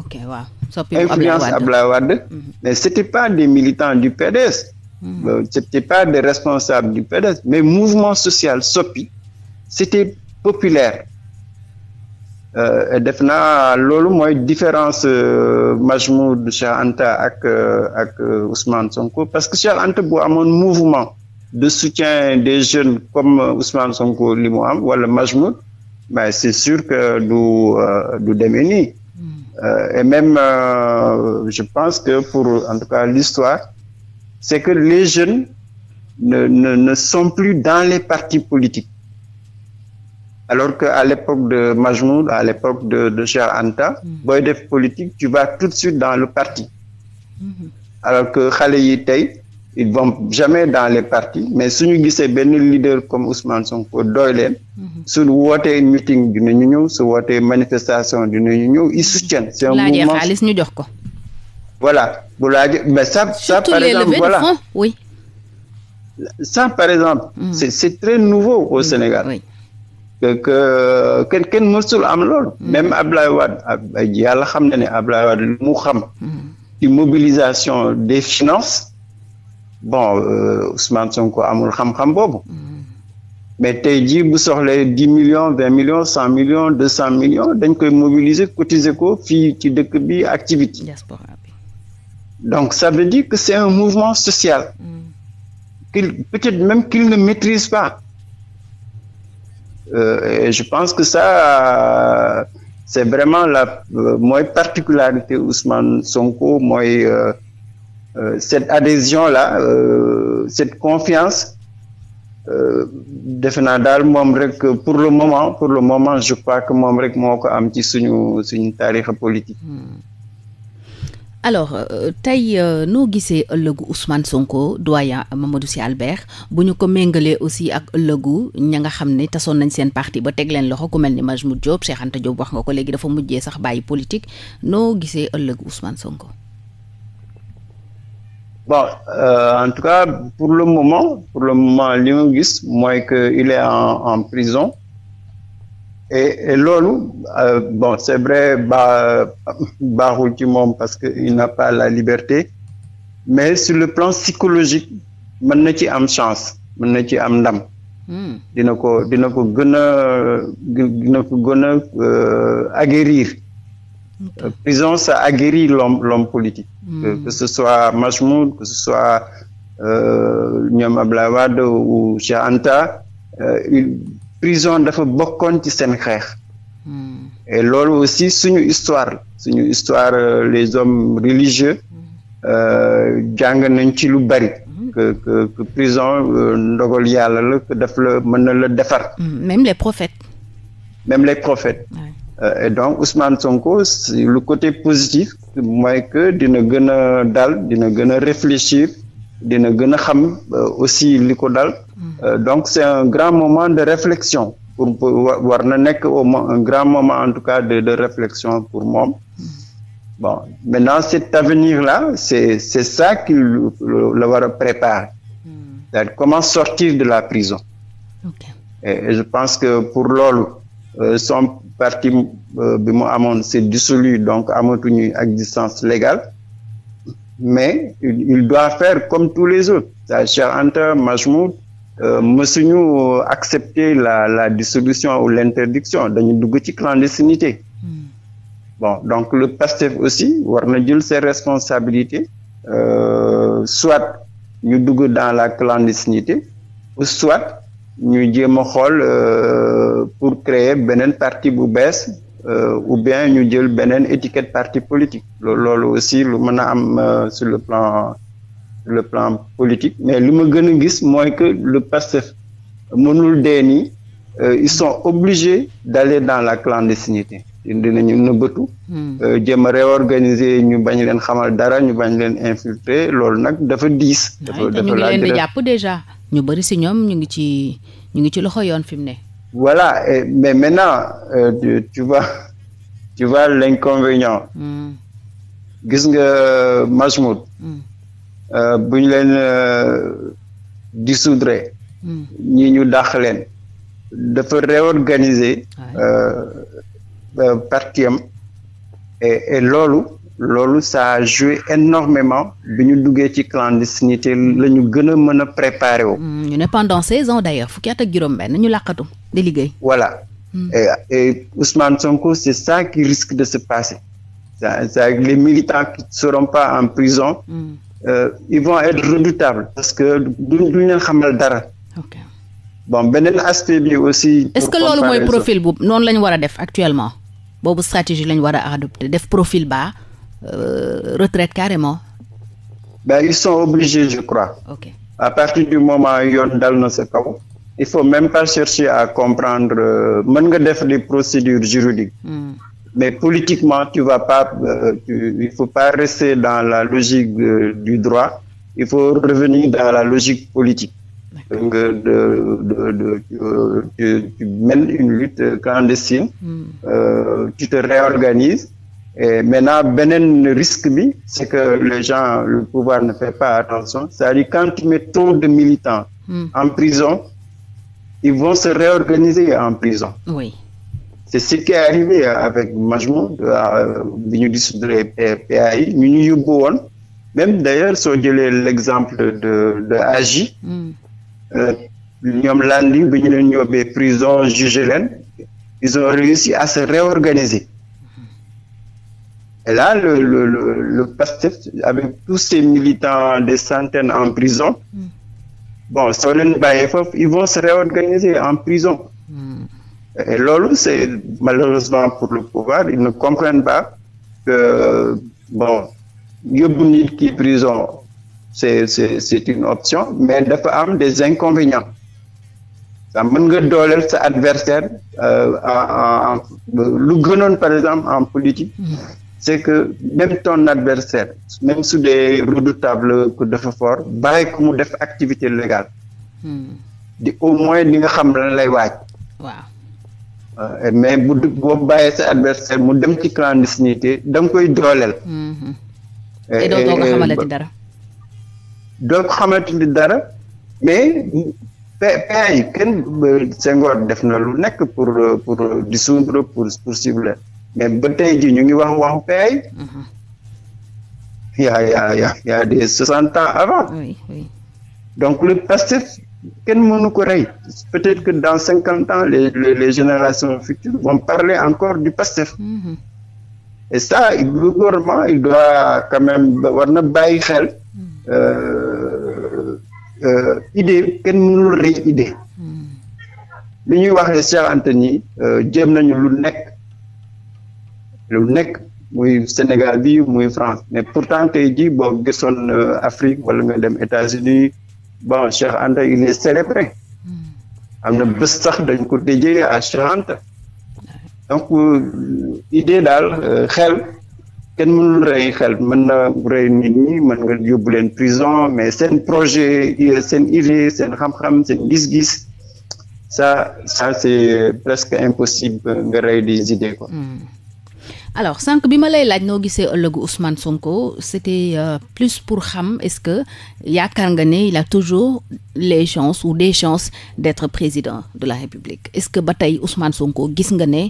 ok waaw soppi influence Abdoulaye Wade mm-hmm. mais c'était pas des militants du PDS mm-hmm. euh, c'était pas des responsables du PDS mais mouvement social soppi c'était populaire Euh, def naa loolu mooy différence euh, Majmoud Cheikh Anta ak euh, ak Ousmane Sonko parce que Cheikh Anta bu amoon mouvement de soutien des jeunes comme Ousmane Sonko li mu am wala Majmoud mais c'est sûr que du du demee hmm. et même euh, je pense que pour en tout cas l'histoire c'est que les jeunes ne sont plus dans les partis politiques alors que à l'époque de Majmoud à l'époque de de Cheikh Anta. Mm-hmm. booy def politique tu vas tout de suite dans le parti. Mm-hmm. alors que xale yi tey ils vont jamais dans les partis mais suñu gisee benn leader comme Ousmane Sonko doy leen. Mm-hmm. su wootee meeting dinañu ñëw su wootee manifestation dinañu ñëw ils soutiennent. c'est un mouvement xaalis ñu jox ko. voilà bu laajee mais ça ça par exemple voilà ça par exemple. Mm. c'est c'est très nouveau au mm. Sénégal. que kenn kenn mësul am loolu. Hmm. même Ablaye Wade yàlla xam ni ne Ablaye Wade lu mu xam. Hmm. ci mobilisation des finances bon euh, Ousmane Sonko amul xam-xam boobu. Hmm. mais te jii bu soxlee dix millions vingt millions cent millions deux cent millions dañ koy mobiliser cotiser ko fii ci dëkk bi activité. donc ça veut dire que c'est un mouvement social. qu'il même qu'il ne maîtrise pas. Euh, et je pense que ça, c'est vraiment la euh, mooy particularité Ousmane Sonko mooy euh, cette adhésion-là cette confiance defe naa daal moom rek pour le moment pour le moment je crois que moom rek moo ko am ci suñu suñu taarix politique. Hmm. alors euh, tey euh, noo gisee ëllëgu Ousmane Sonko doyen Mamadou Sy Albert bu ñu ko méngalee aussi ak ëllëgu ña nga xam ne tasoon nañ seen parti ba teg leen loxo ku mel ni Majmout Diop job Anta Diop wax nga ko léegi dafa mujjee sax bàyyi politique noo gisee ëllëgu Ousmane Sonko. bon euh, en tout cas pour le moment pour le moment li mu gis mooy que il est en en prison. et loolu euh, bon c'est vrai baaxul ci moom parce que il n'a pas la liberté mais sur le plan psychologique mën na ci am chance mën na ci am ndam hmm. dina ko dina ko gën a dina ko gën euh, euh, prison ça aguerrit l'homme politique hmm. que ce soit Majmoud que ce soit ñoom Wade ou Cheikh prison dafa bokkoon ci seen xeex hmm. et loolu aussi suñu histoire suñu histoire euh, les hommes religieux hmm. euh, jàng nañ ci lu bari hmm. que prison euh, ndogal yàlla la que daf la mën na la defar même les prophètes même les prophètes ouais. euh, donc Ousmane Sonko le côté positif mooy que dina gën a dal dina gën a réfléchir dina gën a xam euh, aussi li ko dal mm-hmm. euh, donc c'est un grand moment de réflexion pour war na nekk au moins un grand moment en tout cas de de réflexion pour moom mm-hmm. bon maintenant cet avenir là c'est ça qu'il la war a préparer mm-hmm. comment sortir de la prison et, je pense que pour loolu euh, son parti euh, bi mu amoon c'est dissolu donc amatuñu existence légale mais il, il doit faire comme tous les autres Cheikh Anta Majmoud euh, mësuñu accepter la la dissolution ou l'interdiction dañu dugg ci clandestinité mm. bon donc le PASTEF aussi war na jël ses responsabilités euh, soit ñu dugg dans la clandestinité ou soit ñu jéem a xool euh, pour créer beneen partie bu bees Euh, ou bien ñu jël beneen étiquette partie politique loolu aussi lu mën a am euh, sur le plan le plan politique mais li ma gën a gis mooy que le PASTEF mënul dee nii euh, ils sont obligés d'aller dans la clandestinité dinañu nëbbatu hmm. jéem a ñu bañ leen xamal dara ñu bañ leen infiltrer loolu nag dafa diis dafa dafa laaj ñu di jàpp déjà ñu bari si ñoom ñu ngi ci ñu ngi ci loxo yoon fi mu ne Voilà, et, mais maintenant, euh, tu, *laughs* hmm. gis nga euh, Majmout. Hmm. Euh, bu ñu leen euh, dissoudre. Hmm. ñi ñu dàq leen. dafa réorganiser. parti am loolu. loolu sa a joué énormément bi ñu duggee ci clandestinité la ñu gën mën a préparé wo hmm, ñu ne pendant seize ans d'ailleurs fukki at ak juróom-benn ñu làqatu di liggéey. voilà mm. et, et Ousmane Sonko c'est ça qui risque de se passer ça, ça les militants qui ne seront pas en prison. Mm. ils vont être redoutables parce que duñ duñ leen xamal dara. bon beneen aspect bi aussi. est-ce que loolu mooy profil bu noonu la ñu war a def actuellement boobu stratégie la ñu war a adopté def profil bas. Euh, retraite carrément. Ben, ils sont obligés, je crois. À partir du moment où yoon dal na sa kaw. il faut même pas chercher à comprendre euh, mën nga def les procédures juridiques. Hmm. mais politiquement tu vas pas euh, faut pas rester dans la logique euh, du droit il faut revenir dans la logique politique donc euh, de, tu, mènes une lutte clandestine hmm. tu te réorganises Et maintenant, beneen risque bi, c'est que les gens, le pouvoir ne fait pas attention. C'est-à-dire quand tu mets trop de militants hmm. en prison, ils vont se réorganiser en prison. Oui. C'est ce qui est arrivé avec Majmoud euh, bi ñu dissoudre PAI ñu ñu yóbbu woon même d'ailleurs soo jëlee l'exemple de de Agi hmm. euh, ñoom Landing bi ñu leen yóbbee prison jugé ils ont réussi à se réorganiser Et là, le, le, avec tous ces militants, des centaines en prison, mm. bon, ils vont se réorganiser en prison. Mm. Et lolo, c'est malheureusement pour le pouvoir, ils ne comprennent pas que, bon, qui prison, c'est une option, mais dafa am des inconvénients. ça mën nga dooleel sa adversaire euh, en gënoon par exemple en politique. Mm. c'est que même ton adversaire même su dee redoutable que dafa fort bàyyi ko mu def activité légale. Hmm. di au moins li nga xam lan lay waaj. waaw mais bu boo bàyyee sa adversaire mu dem ci clandestinité da koy dooleel. Hmm. te doo ko xamalati dara. doo ko xamalati dara mais PAI kenn Senghor def na lu nekk pour pour dissoudre pour pour cibler. mais ba tey ji ñu ngi wax waxu peey uh-huh. ya ya yaa yaa des soixante ans avant oui, oui. donc le Pastef kenn mënu ko rey peut-être que dans cinquante ans les, les les générations futures vont parler encore du Pastef mm -hmm. et ça le il doit quand même war na bàyyi xel uh-huh. euh, euh, idée kenn mënul rey idée li ñuy waxee Cheikh ni euh, jéem nañu lu nekk lu nekk muy Sénégal bi muy France mais pourtant tey jii boo gisoon euh, Afrique wala nga dem États-Unis bon Cheikh Anta il est célébré hmm. am na bés sax dañ ko déjee à Cheikh Anta donc euh, idée daal euh, xel kenn mënul rey xel mën na rey nit ñi mën nga yóbbu leen prison mais seen projet seen idée seen xam-xam seen gis-gis ça ça c'est presque impossible nga rey des idées quoi. Hmm. alors sànq bi ma lay laaj noo gisee ëllëgu Ousmane Sonko c'était euh, plus pour xam est-ce que yaakaar nga ne il a toujours les chances ou des chances d'être président de la République est-ce que ba tey Ousmane Sonko gis nga ne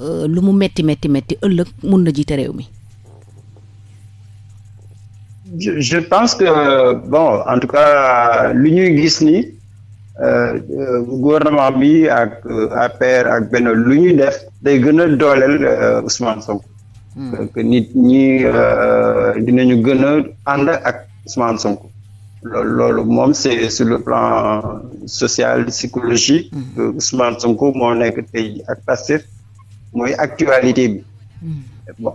euh, lu mu metti metti metti ëllëg mun na jiite réew mi. Je, pense que bon en tout cas lu ñuy gis ni euh, euh, gouvernement bi ak euh, APR ak benn lu ñuy def day gën a dooleel Ousmane Sonko. que hmm. nit ñi euh, dinañu gën a ànd ak Ousmane Sonko. loolu moom c'est sur le plan social psychologique. Hmm. Euh, Ousmane Sonko moo nekk tey ak Pastef mooy actualité bi. Hmm. bon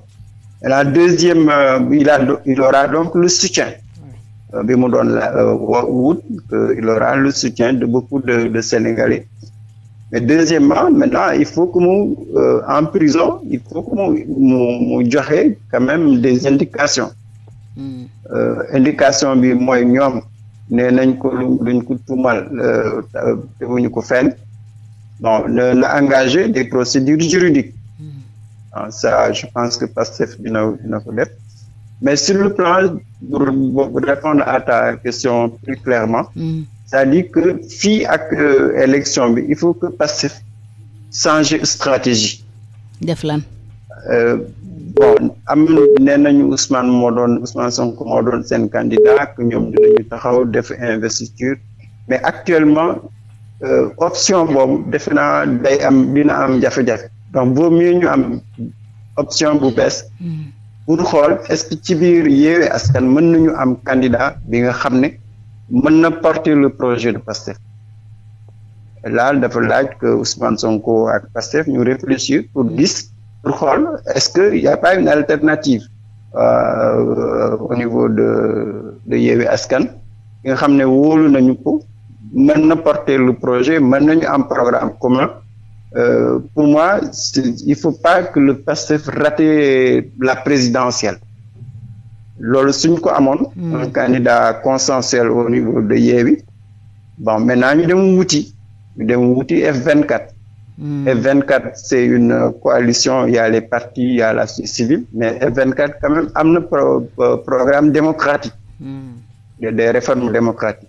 la deuxième euh, il a il aura le soutien. bi mu doon la wut il aura le soutien de beaucoup de de mais deuxièmement maintenant il faut que mu euh, en prison il faut que mu mu joxe quand même des indications. Hmm. Euh, indication bi mooy ñoom ne nañ ko luñ ko tuumal euh, te wuñu ko fen bon na na des procédures juridiques. Hmm. ah ça je pense que Pastef dina na ko def mais sur le plan pour répondre à ta question plus clairement. Hmm. c'est-à-dire que fii ak euh, élection bi il faut que Pastef changer stratégie. def lan. Euh, bon am nee nañu Ousmane moo doon Ousmane Sonko moo doon seen candidat ñoom dinañu taxaw def investiture mais actuellement euh, option boobu defe na day am dina am jafe-jafe donc vaut mieux ñu am option bu bees. Mm. pour xool est ci biir Yewwi Askan mën nañu am candidat bi nga xam ne. mën na porter le projet de PASTEF laal dafa laaj que Ousmane Sonko ak PASTEF ñu réfléchir pour gis pour xool est-ce que y a pas une alternative euh, au niveau de de Yewwi Askan nga xam ne wóolu nañu ko mën na porter le projet mën nañu am programme commun euh, pour moi il faut pas que le PASTEF rate la présidentielle loolu suñ ko amoon. Hmm. un candidat consensuel au niveau de Yewwi bon maintenant ñu dem wuti ñu dem wuti F24. Mm. f hmm. c'est une coalition il y les partis il la société mais F24 quand même am na pro, pro, euh, programme démocratique. Mm. des de réformes démocratiques.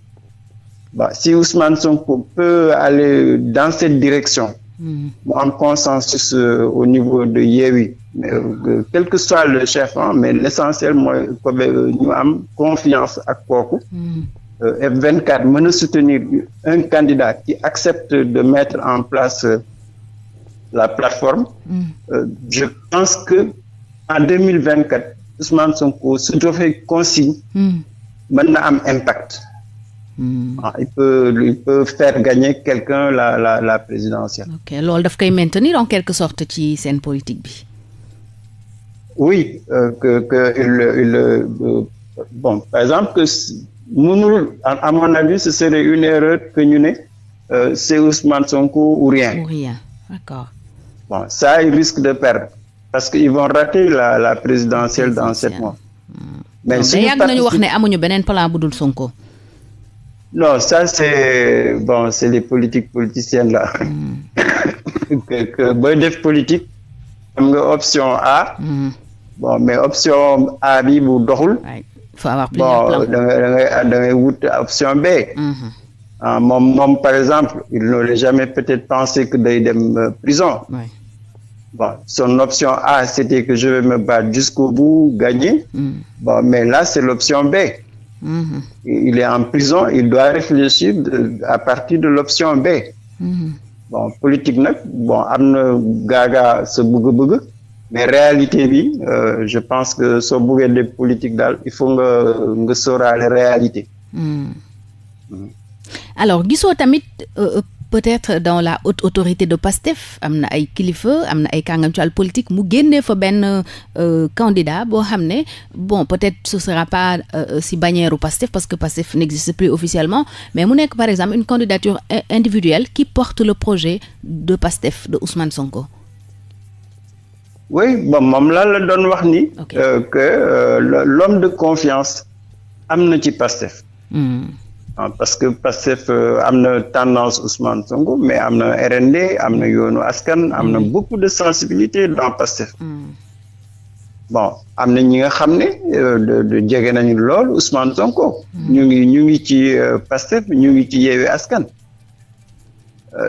si Ousmane Sonko peut aller dans cette direction. Hmm. mu am consensus euh, au niveau de Yewwi Euh, quel que soit le chef hein, mais l'essentiel mooy ko ñu am confiance ak kooku hmm. euh, F24 mën a soutenir un candidat qui accepte de mettre en place euh, la plateforme mm. je pense que en 2024 Ousmane Sonko su joxee consigne hmm. mën na am impact hmm. ah, il peut faire gagner quelqu'un la la la présidentielle. ok loolu daf koy maintenir en quelque sorte ci seen politique bi. oui euh, que que euh, bon par exemple que mënul à mon avis ce serait une erreur que ñu ne euh, c'est Ousmane Sonko ou rien. ou rien d'accord. bon ça ils risquent de perdre parce que ils vont rater la la présidentielle dans sept mois. Hmm. mais suñu yàgg nañu wax ne amuñu beneen plan bu dul Sonko. non ça c'est bon c'est les politiques politiciennes là. Hmm. *laughs* que que booy def politique. am option A. Mhm. mais option A bi bu doxul. faut avoir B. Mhm. ah moom moom par exemple il n'aurait jamais peut-être pensé que day dem euh, prison. Ouais. bon son option A c'était que je vais me battre jusqu'au bout gagner. Mhm. mais là c'est l'option B. il est en prison il doit réfléchir à partir de l'option B. bon politique nag bon am na gaagaa sa bëgg-bëgg mais réalité bi euh, je pense que so bëggee def politique daal il faut nga nga sóoraale réalité. Hmm. Hmm. alors gisoo tamit. Euh, peut-être dans la haute autorité de PASTEF am na ay kilifa am na ay kàngam ci politique mu génnee fa benn euh, candidat boo xam ne bon peut-être ce sera pas euh, si bannière u PASTEF parce que PASTEF n'existe plus officiellement mais mu nekk par exemple une candidature individuelle qui porte le projet de PASTEF de Ousmane Sonko. oui bon moom lan la doon wax ni. Euh, que l'homme de confiance am na ci PASTEF. Hmm. Ah, parce que Pastef euh, am na tendance Ousmane Sonko mais am na RND am na yoonu askan am na mm. beaucoup de sensibilité dans Pastef mm. bon am na ñi nga xam ne euh, jege nañu lool Ousmane Sonko. Mm. ñu ngi ñu ngi ci euh, Pastef ñu ngi ci Askan.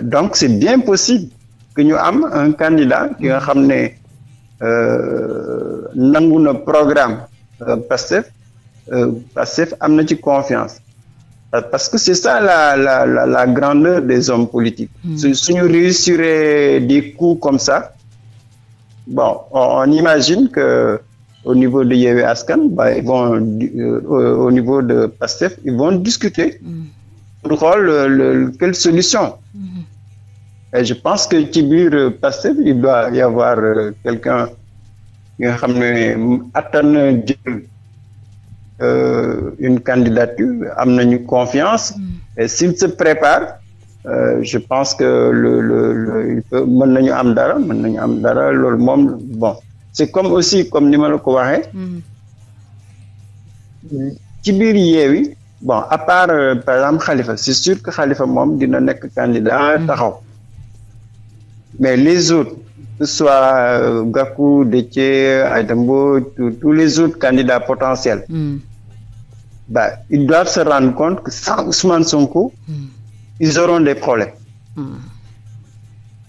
donc c'est bien possible que ñu am un candidat ki nga xam ne nangu na programme Pastef Pastef am na ci confiance Euh, parce que c'est ça la, la, la, grandeur des hommes politiques. Mmh. Si nous des coups comme ça, on, imagine que niveau de Yewe Askan, bah, euh, au, niveau de PASTEF, ils vont discuter hmm. quelle solution. Hmm. Et je pense que Tibur euh, PASTEF, il doit y avoir euh, quelqu'un qui a atteint Euh, une candidature am nañu confiance mm. et s'il se prépare euh, je pense que le le le mën nañu am dara mën nañu am dara loolu moom bon c'est comme aussi comme ni ma la ko waxee. Mm. ci biir Yewwi bon à part euh, par exemple Khalifa c'est sûr que Khalifa moom dina nekk candidat mm. taxaw mais les autres que ce soit euh, Gakou Déthié Aïda tous les autres candidats potentiels. Mm. bah, ils doivent se rendre compte que sans Ousmane Sonko, mm. ils auront des problèmes. Hmm.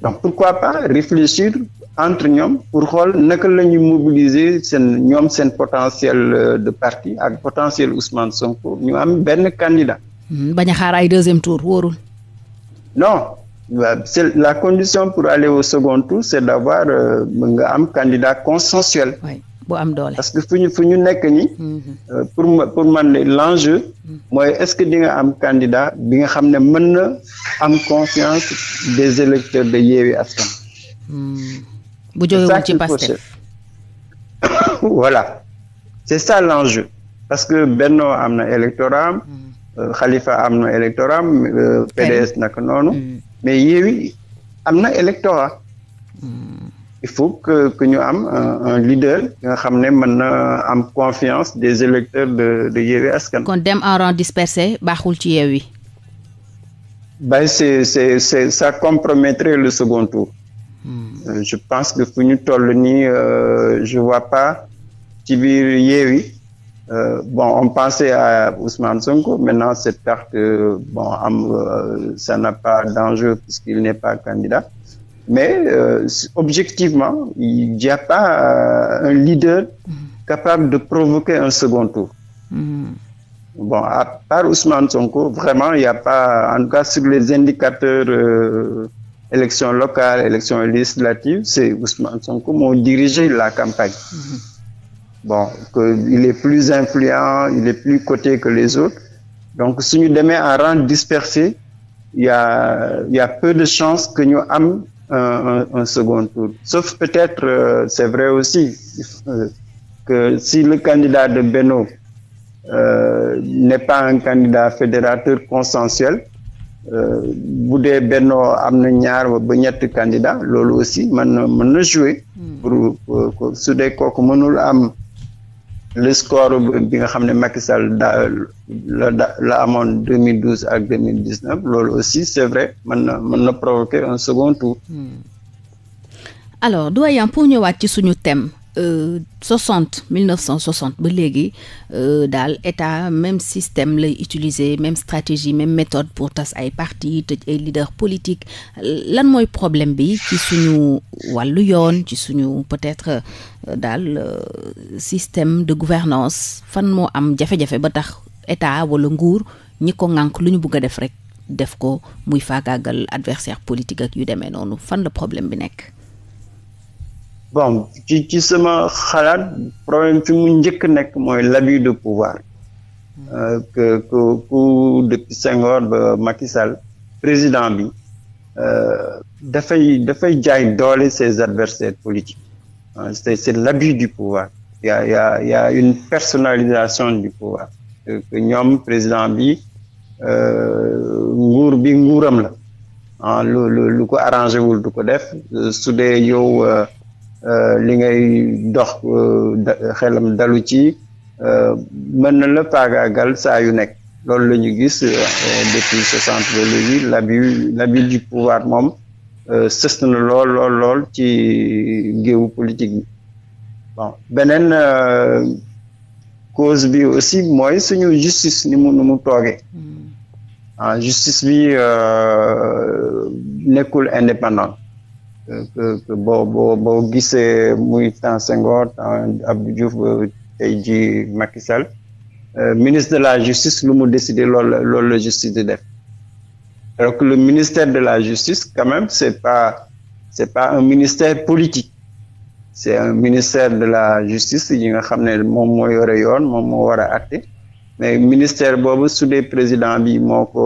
Donc pourquoi pas réfléchir entre ñoom pour xool naka la ñuy mobiliser seen ñoom seen potentiel euh, de parti ak potentiel Ousmane Sonko ñu am benn candidat. Hmm. bañ xaar ay deuxième tour wóorul. non c'est la condition pour aller au second tour c'est d'avoir euh, nga am candidat consensuel. Oui. bu am doole. parce que fu ñu nekk nii. Mhm. Euh, pour pour man l' enjeu. Mhm. mooy est-ce que di nga am candida bi nga xam ne mën na am confiance des électeurs de Yewwi Askan. Mhm. bu jógewul ci Pastef *coughs* voilà c' est ça l' parce que Benno am na électorat euh, Khalifa am na électorat euh, PDS naka noonu mais Yewwi am na électorat. il faut que que ñu am un leader nga xam ne mën na am confiance des électeurs de de Yewwi Askan. kon dem en rang dispersé baaxul ci Yewwi. bay c'est ça compromettrait le second tour. Hmm. Euh, je pense que fu ñu toll nii euh, je vois pas ci biir Yewwi Euh, bon on pensait à Ousmane Sonko maintenant cette carte euh, bon am euh, ça n'a pas d'enjeu puisqu'il n'est pas candidat Mais euh, objectivement, il n'y a pas euh, un leader capable de provoquer un second tour. par mm-hmm. Bon, à Sonko, vraiment, il n'y a pas, en tout cas sur les indicateurs euh, élections locales, élections législatives, c'est Ousmane Sonko qui a la campagne. Mmh. il est plus influent, il est plus côté que les autres. Donc, si nous demain à rang dispersé, il y a, peu de chances que nous ayons un, un, second tour. Sauf peut-être, euh, c'est vrai aussi, que si le candidat de Beno euh, n'est pas un candidat fédérateur consensuel, euh, bu dee Beno am na ñaar ba ñetti candidat loolu aussi mën na mën hmm. pour su dee kooku am le score bi nga xam ne Macky Sall da la amoon 2012 ak 2019 loolu aussi c'est vrai mën na mën na provoquer un second tour. Hmm. alors doyen pour ñëwaat ci suñu thème. Euh, soixante mille neuf cent soixante ba léegi euh, daal état même système la utiliser même stratégie même méthode pour tas ay parti tëj ay leader politique lan mooy problème bi ci suñu wàllu yoon ci suñu peut-être daal euh, système de gouvernance fan moo am jafe-jafe ba tax état wala nguur ñi ko ŋànk lu ñu bugg a def rek def ko muy faagaagal adversaire politique ak yu demee noonu fan la problème bi nekk. bon ci ci sama xalaat problème fi mu njëkk nekk mooy l'abus de pouvoir. Hmm. Euh, que ku depuis Senghor ba makisal président bi euh, dafay dafay jaay doole ses adversaires politiques. C'est l'abus du pouvoir. Il y a, une personnalisation du pouvoir. que ñoom président bi euh, nguur bi nguuram la ah lu lu lu ko arrangé wul du ko def su dee yow euh, euh, li ngay dox xelam dalu ci mën na la paagaagal saa yu nekk loolu lañu gis depuis soixante ba léegi du pouvoir moom Euh, sës na lool lool ci géewu politique bi bon beneen euh, cause bi aussi mooy suñu justice ni mu ni mu toogee hmm. ah justice bi euh, nekkul indépendant que que gisee muy temps Senghor temps Abdou Diouf tey jii Macky ministre de la justice lu mu décider lool la justice di def. Alors que le ministère de la Justice, quand même, c'est pas, c'est pas un ministère politique. C'est un ministère de la Justice, yi nga xam ne moom moo yore yoon moom moo war a àtte mais ministère boobu su président bi moo ko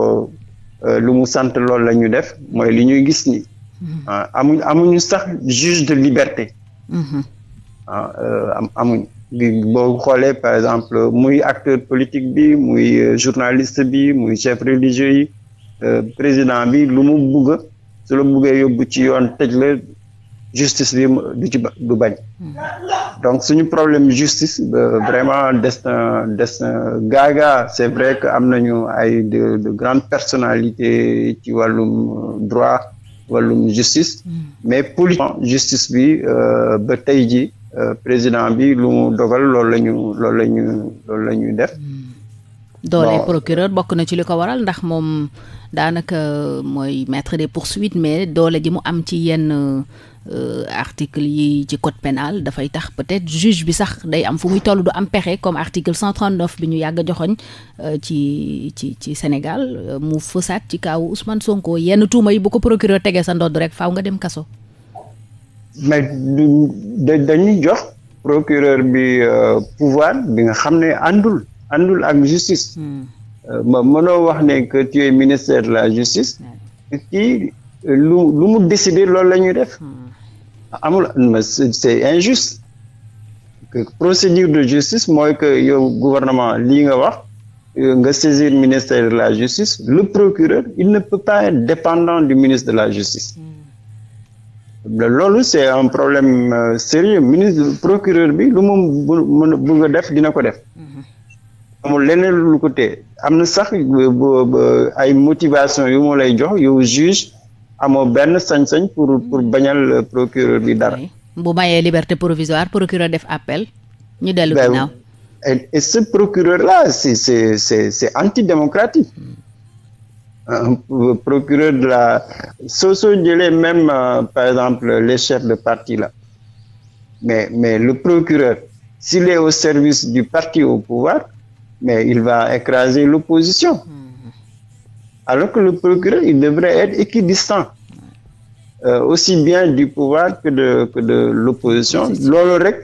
euh, lu mu sant loolu la ñu def mooy li ñuy gis ni mm-hmm. ah, amuñ amuñu sax juge de liberté. Mm-hmm. Ah, euh, am amuñ boo xoolee par exemple muy acteur politique bi muy euh, journaliste bi muy chef religieux président bi lu mu bugg su la buggee yóbbu ci yoon tëj la justice bi du ci du bañ donc suñu problème justice vraiment des destin gaaga c'est vrai que am nañu ay de de grandes personnalités ci wàllum droit wàllum justice hmm. mais politiquement justice bi euh, ba tey ji euh, président bi lu mu dogal loolu lañu ñu loolu la ñu loolu la def hmm. doole procureur bokk na ci li ko waral ndax moom daanaka euh, mooy maître pour poursuites mais doole ji mu am ci yenn euh, article yi ci code penal dafay tax peut-être juge bi sax day am fu muy toll du am pexe comme article 139 bi ñu yàgg joxoñ euh, ci ci ci Sénégal mu fësaat ci kaawu Ousmane Sonko yenn tuuma yi bu ko procureur tegee sa ndodd rek faw nga dem kaso. mais dañuy jox procureur bi pouvoir bi nga xam ne àndul ak justice. Hmm. ma mënoo wax ne que tu es ministère de la justice kii lu lu mu décider loolu la ñuy def hmm. amul ma c'est injuste que procédure de justice mooy que yow gouvernement lii nga wax euh, nga saisir ministère de la justice le procureur il ne pas dépendant du ministre de la justice hmm. loolu c'est un problème euh, sérieux ministre procureur def dina ko def hmm. amul leneen lu ko téye am na sax euh, ay motivation yu mu lay jox yow juge amoo benn sañ-sañ pour pour bañal procureur bi dara. bu mayee liberté provisoire procureur def appel ñu dellu ginnaaw. et ce procureur là c'est c'est c'est c'est antidémocratique euh, procureur de la soo soo jëlee même euh, par exemple les chefs de parti la mais mais le procureur s'il est au service du parti au pouvoir mais il va écraser l'opposition. Mm-hmm. Alors que le procureur, il devrait être équidistant. Euh, aussi bien du pouvoir que de, que de l'opposition. Lolo rek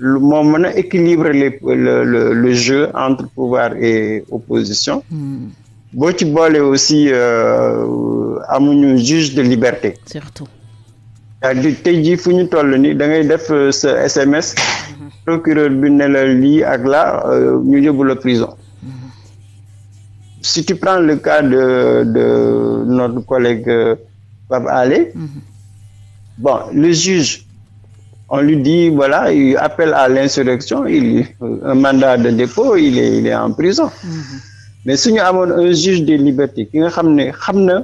moom mën a équilibre les, le, le, le jeu entre pouvoir et opposition. Mm-hmm. boo ci boole aussi euh, amuñu juge de liberté. surtout. c'est-à-dire tey jii fu ñu toll nii da ngay def euh, sa SMS. procureur bi ne la lii ak la euh, ñu yóbbu la prison si tu prends le cas de de notre collègue euh, Pape Alé bon le juge on lui dit voilà il à l'insurrection il euh, un mandat de dépôt il est en prison mais suñu amoon un juge des libertés ki na xam ne xam na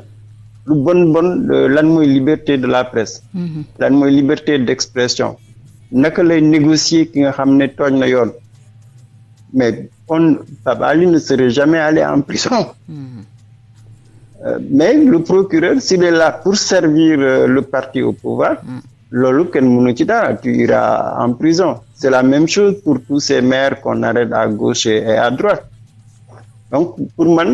lu bon bon lan mooy liberté de la presse lan mooy liberté d'expression naka lay négocier ki nga xam ne tooñ na yoon mais on Pape Ali ne serait jamais allé en prison mm. mais le procureur s'il est là pour servir euh, le parti au pouvoir mm. loolu kenn mënu ci dara tu iras en prison c'est la même chose pour tous ces maires qu'on arrête à gauche et à droite donc pour man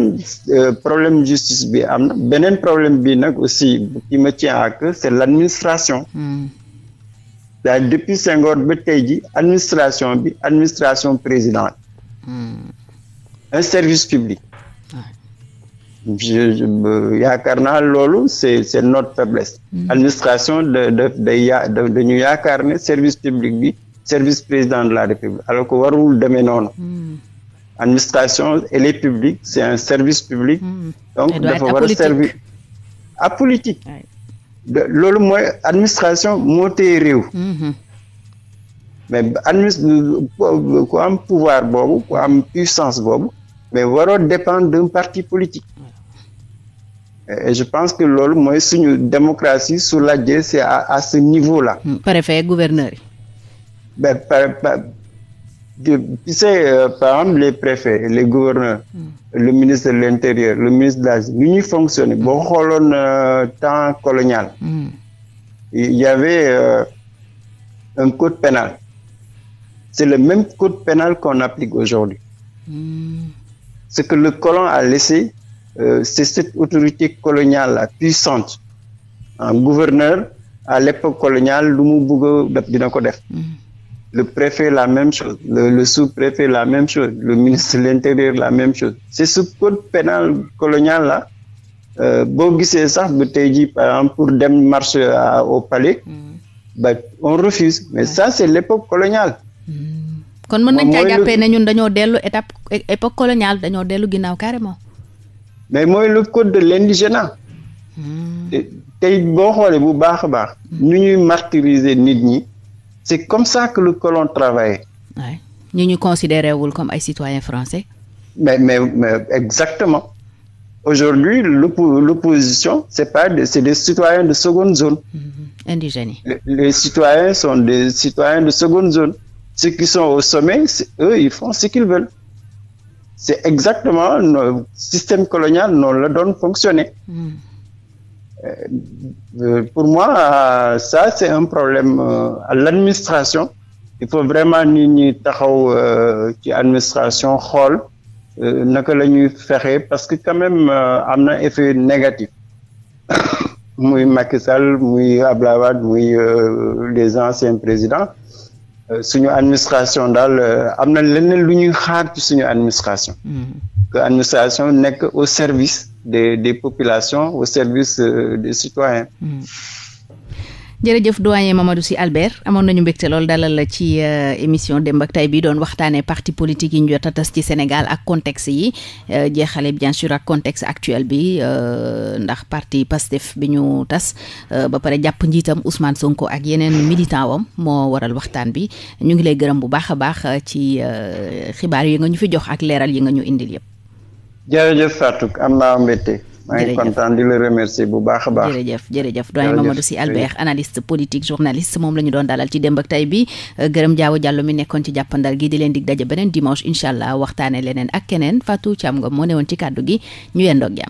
euh, problème justice bi am na beneen problème bi nag aussi qui me tient à cœur c'est l'administration mm. daal depuis Senghor ba tey ji administration bi administration président un service public yaakaar naa loolu c'est c'est notre faiblesse administration de de de dañu yaakaar ne service public bi service président de la république alors que warul demee noonu administration elle est c'est un service public mm. donc dafa war a servir loolu mooy administration moo téye réew. Mhm. mais administ ku am pouvoir boobu ku am puissance boobu mais waroo dépendre d'un parti politique. et je pense que loolu mooy suñu démocratie su lajjee c'est à à ce niveau là. préfet gouverneur yi. tu sais euh, par exemple les préfets les gouverneurs mm. le ministre de l'intérieur le ministre de la nu ñuy fonctionner boo xooloon euh, temps colonial mm. il y avait euh, un code pénal c'est le même code pénal qu'on applique aujourd'hui hmm. ce que le colon a laissé euh, c'est cette autorité coloniale puissante un gouverneur à l'époque coloniale lu mu bëgg a ko def hmm. le préfet la même chose, le, le sous-préfet la même chose, le ministre de l'Intérieur la même chose. C'est ce code pénal colonial là euh, boo gisee sax ba tey jii par exemple pour dem marché au palais. Mm. ba on refuse mais ça c' est coloniale. Mm. kon mën nañ caa jàppee ne ñun dañoo dellu étape époque coloniale dañoo dellu ginnaaw carrément. mais mooy le code de l' indigénat. Mm. tey boo xoolee bu baax a baax. ñu ñuy martyriser nit ñi. c'est comme ça que le colon travaillait. Ouais. ñu ñu considéré wul comme ay citoyens français. mais mais mais exactement aujourd'hui l'opposition c'est pas de, c'est des citoyens de seconde zone. Mm-hmm. indigènes yi. Les, les citoyens sont des citoyens de seconde zone ceux qui sont au sommet c'est eux ils font ce qu'ils veulent c'est exactement le système colonial noonu la doon fonctionner. Mm. Euh, pour moi ça c'est un problème euh, à l'administration il faut vraiment ni ñi taxaw euh, ci administration xool naka la ñuy fexe parce que quand même am na effet négatif *coughs* muy Macky muy Abdoulaye Wade muy les anciens présidents suñu administration dal am na leneen lu ñuy xaar ci suñu administration mm-hmm. que administration nekk au service des, des populations au service euh, des citoyens. Mmh. jërëjëf doyen Mamadou Sy Albert amoon nañu mbégte lool dalal la ci euh, émission Demb ak Tay bi doon waxtaanee parti politique yi ñu a tas ci Sénégal ak contexte yi euh, jeexale bien ak contexte actuel bi ndax parti PASTEF bi ñu tas ba pare jàpp njiitam Ousmane Sonko ak yeneen militant wam moo waral waxtaan bi ñu ngi lay gërëm bu baax a baax ci xibaar yi nga ñu fi jox ak leeral yi nga ñu indil yëpp. jërëjëf Fatou am naa mbégte. maa ngi kontaan di la remercier bu baax a baax. jërëjëf jërëjëf doyen Mamadou Sy Albert analyste politique journaliste moom la ñu doon dalal ci démb ak tay bi euh, gërëm Diaw Diallo mi nekkoon ci jàppandal gi di leen dig daje beneen dimanche incha allah waxtaane leneen ak keneen Fatou Thiam Ngom moo ne woon ci kàddu gi ñu yendoog am